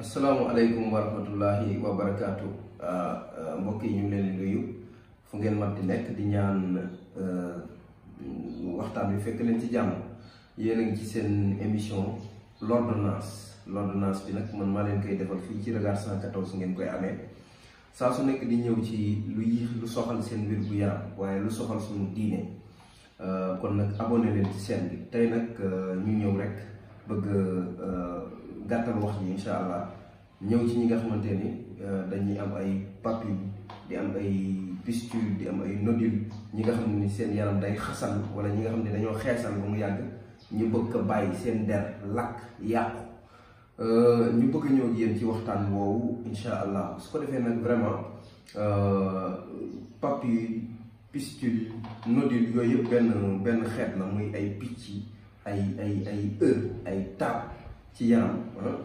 asalaamualeykum wa rahmatullahi wa barakaatu ah, ah, mbokk yi ñu leen di fu ngeen mat di nekk di ñaan ah, waxtaan bi fekk leen ci jàmm yéen a ngi ci seen émission l'ordonnance l'ordonnance bi nag man maa leen koy defal fii ci Regard 114 ngeen koy amee saa su nekk di ñëw ci lu yiix lu soxal seen wér gu yaram waaye lu soxal suñu diine kon nag abonné leen ci seen bi tey nag ñu ñëw rek bëgg gàttal wax ji incha allah ñëw ci ñi nga xamante ni euh, dañuy am ay papilles di am ay pistule di am ay nodule ñi nga xam ne seen yaram day xasan wala ñi nga xam ne dañoo xeesal ba mu yàgg ñu bëgg ko bàyyi seen der lakk yàqu euh, ñu bëgg ñëw ak yéen ci waxtaan woowu incha allah su ko defee nag vraiment euh, papilles pistule nodule yooyu yëpp benn benn xeet la muy ay picc ay ay ay heure ay taab ci yaram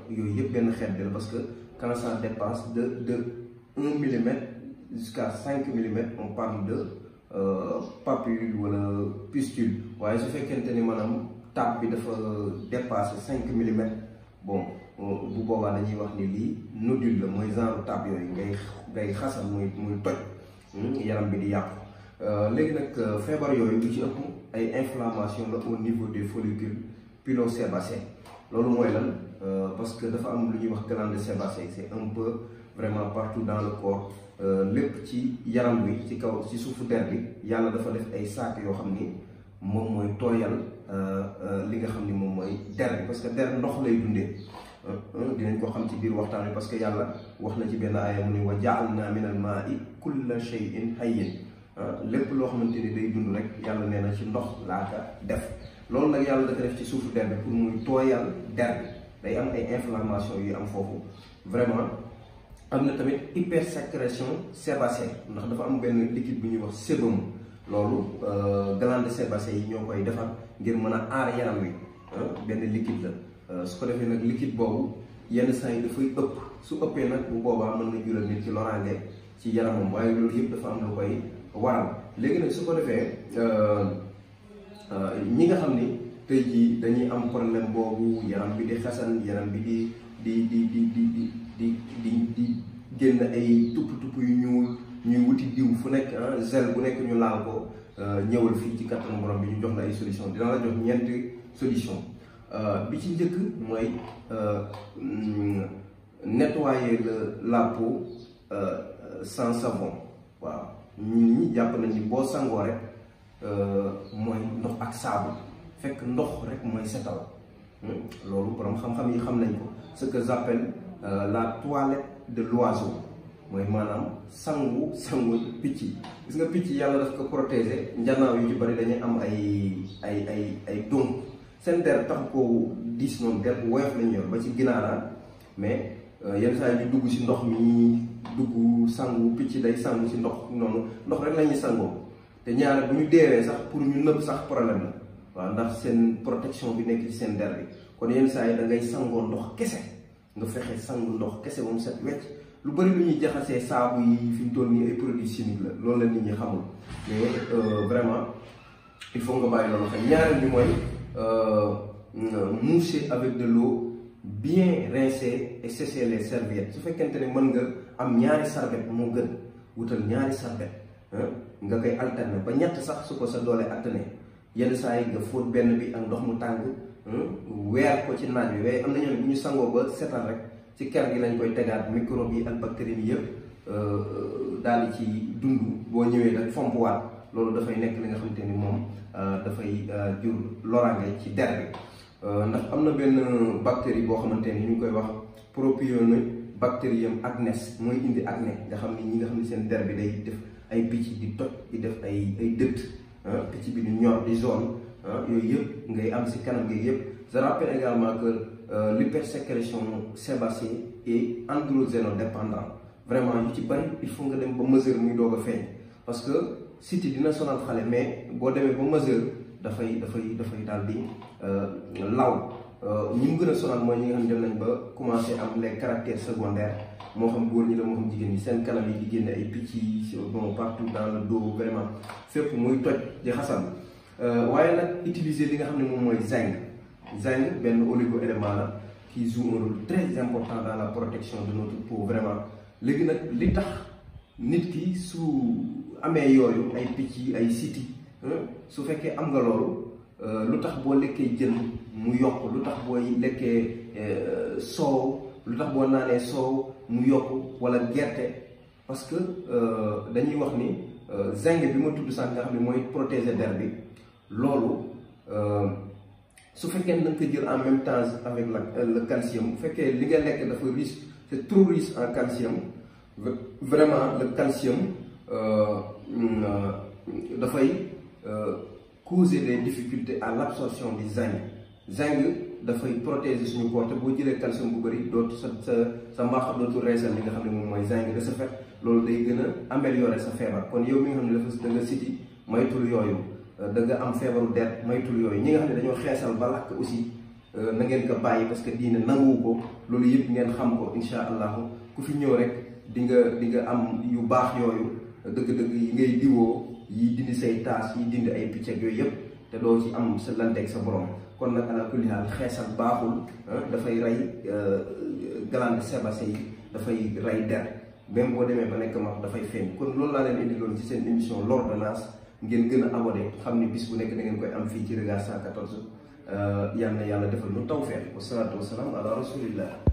yooyu yëpp benn xeet bi la parce que quand ça dépasse de de un millimètre jusqu'à cinq millimètres on parle de euh, papule wala pustule waaye su fekkente ni maanaam taab bi dafa dépassé cinq millimètres bon euh, bu boobaa dañuy wax ni lii nodule la mooy genre taab yooyu ngay ngay xasal muy toj hmm, yaram bi di yàqu euh, léegi nag feebar yooyu lu ci ëpp ay inflammation la au niveau des follicules pilosébacés loolu mooy lan euh, parce que dafa am lu ñuy wax glande sébacée c'est un peu vraiment partout dans le corps euh, lépp ci yaram wi ci kaw ci suufu der bi yàlla dafa def ay saak yoo xam ni moom mooy tooyal euh, li nga xam ni moom mooy der bi parce que der ndox lay dundee dinañ ko xam ci biir waxtaan wi parce que yàlla wax na ci benn aaya mu ni wa ja'alna min al ma'i kulla shay'in hayyin lépp loo xamante ni day dund rek yàlla nee na ci ndox laa ka def loolu nag yàlla da ko def ci suufu der pour muy tooyal der day am ay inflammation yu am foofu vraiment am na tamit hypersécrétion sébacée ndax dafa am benn liquide bi ñuy wax sébum loolu euh, glande sébacée yi ñoo koy defar ngir mën a aar yaram wi euh, benn liquide la euh, su ko defee nag liquide boobu yenn saa yi dafay ëpp su ëppee nag bu boobaa mën na jural nit ci loraange ci yaramam waaye loolu yëpp dafa am na koy waral léegi nag su ko defee Euh, ñi nga xam ni tey jii dañuy am problème boobu yaram bi di xasan yaram bi di di di di di di di génn ay tupp tupp yu ñuul ñuy wuti diw fu nekk ah, gel bu nekk ñu laal ko euh, ñëwal fii ci kattanu borom bi ñu jox la ay solution dina la jox ñeenti solution euh, bi ci njëkk mooy mm, nettoyer la peau sans savon waaw ñun ñi jàpp nañ boo sangoo rek Euh, mooy ndox ak saabu fekk ndox rek mooy setal hmm? loolu borom xam-xam yi xam nañ ko ce que j'appelle euh, la toilette de l'oiseau mooy maanaam sangu sangu picc gis nga picc yàlla daf ko protéger njanaaw yu ci bari dañuy am ay ay ay ay dóom seen der tax ko diis noonu der bu woyof lañu yor ba ci ginaaraan ah. mais euh, yenn saa yi dugg si ndox mi dugg sangu picc day sangu si ndox noonu ndox rek lañuy sangoo te ñaare bu ñu deewee sax pour ñu nëb sax problème la waaw ndax seen protection bi nekk ci seen der bi kon yenn saa yi da ngay sangoo ndox kese nga fexe sangu ndox kese moom set wecc lu bari lu ñuy jaxasee saabu yi fi ñu toll nii ay produits chimiques la loolu la nit ñi xamul mais euh, vraiment il faut nga bàyyi loolu xel ñaareel bi mooy euh, moucher avec de l'eau bien rincer et sécher les serviettes su fekkente ne mën nga am ñaari sarbet moo gën wutal ñaari sarbet nga koy alterner ba ñett sax su ko sa doole attane yenn saa yi nga fóot benn bi ak ndox mu tàng hmm, weer ko ci naaj bi waaye am na ñoom ñu sangoo ba setal rek ci ker gi lañ koy tegaat microbe yi ak bactéries bi yëpp euh, daal di ci dund boo ñëwee nag loolu dafay nekk li nga xamante ni moom euh, dafay euh, jur loraange ci der bi ndax am na benn bactérie boo xamante ni ñu ngi koy wax propionibacterium acnes mooy indi acné nga xam ni ñi nga xam ne seen der bi day def ay picc di toj di def ay ay dëtt ah, picc bi di ñor di zone ah, yooyu yëpp ngay am si kanam gi yëpp je rappelle également que euh, l'hypersécrétion sébacée et androgéno dependant vraiment yu ci bari il faut nga dem ba mesure muy doog a feeñ parce que siti dina sonal xale mais boo demee ba mesure dafay dafay dafay daal di euh, law euh, ñi mu gën a sonal mooy ñi nga xam ne dem nañ ba commencé am les caractères secondaires moo xam góor ñi la moo xam jigéen ñi seen kanam yi di génne ay picc yi bon partout dans le dos vraiment fépp muy toj di xasan euh, waaye nag utiliser li nga xam ne moom mooy zinc zinc benn oligo élément la qui joue un très important dans la protection de notre peau vraiment léegi nag li tax nit ki su amee yooyu ay picc ay siti su fekkee am nga loolu euh, lu tax boo lekkee jën mu yokk lu tax booy lekkee euh, soow lu tax boo naanee soow mu yokk wala gerte parce que euh, dañuy wax ni euh, zinc bi ma tudd sànq xam ne mooy protéger der bi loolu euh, su fekkee na nga jël en même temps avec la le calcium bu fekkee li nga lekk dafa riche c'est trop riche en calcium vraiment le calcium dafay causer des difficultés à l'absorption du zinc zinc dafay protéger suñu corps te boo jëlee calcium bu bëri dootu sa sa sa mbaax dootu reesal li nga xam ne moom mooy zinc de ce loolu day gën a améliorer sa feebar kon yow mi nga xam ne dafa da nga siti moytul euh, moytul yooyu ñi nga xam ne dañoo xeesal ba lakk aussi euh, na ngeen ko bàyyi parce que diine nanguwu ko loolu yëpp ngeen xam ko incha allahu ku fi ñëw rek di nga di nga am yu baax yooyu dëgg-dëgg yi ngay diwoo yi dindi say taas yi dindi ay picc yooyu yëpp te doo ci am sa lanteeg sa borom kon nag ala kulli haal xeesal baaxul ah, dafay rey euh, glande sébacée yi dafay rey der même boo demee ba nekk mag dafay feeñ kon loolu laa leen indiloon ci seen émission l'ordonnance ngeen gën a abonné xam ni bis bu nekk da ngeen koy am fii ci Regard 114 euh, yal na yàlla defal nu tawfeex wasalaatu wasalaam ala rasulillah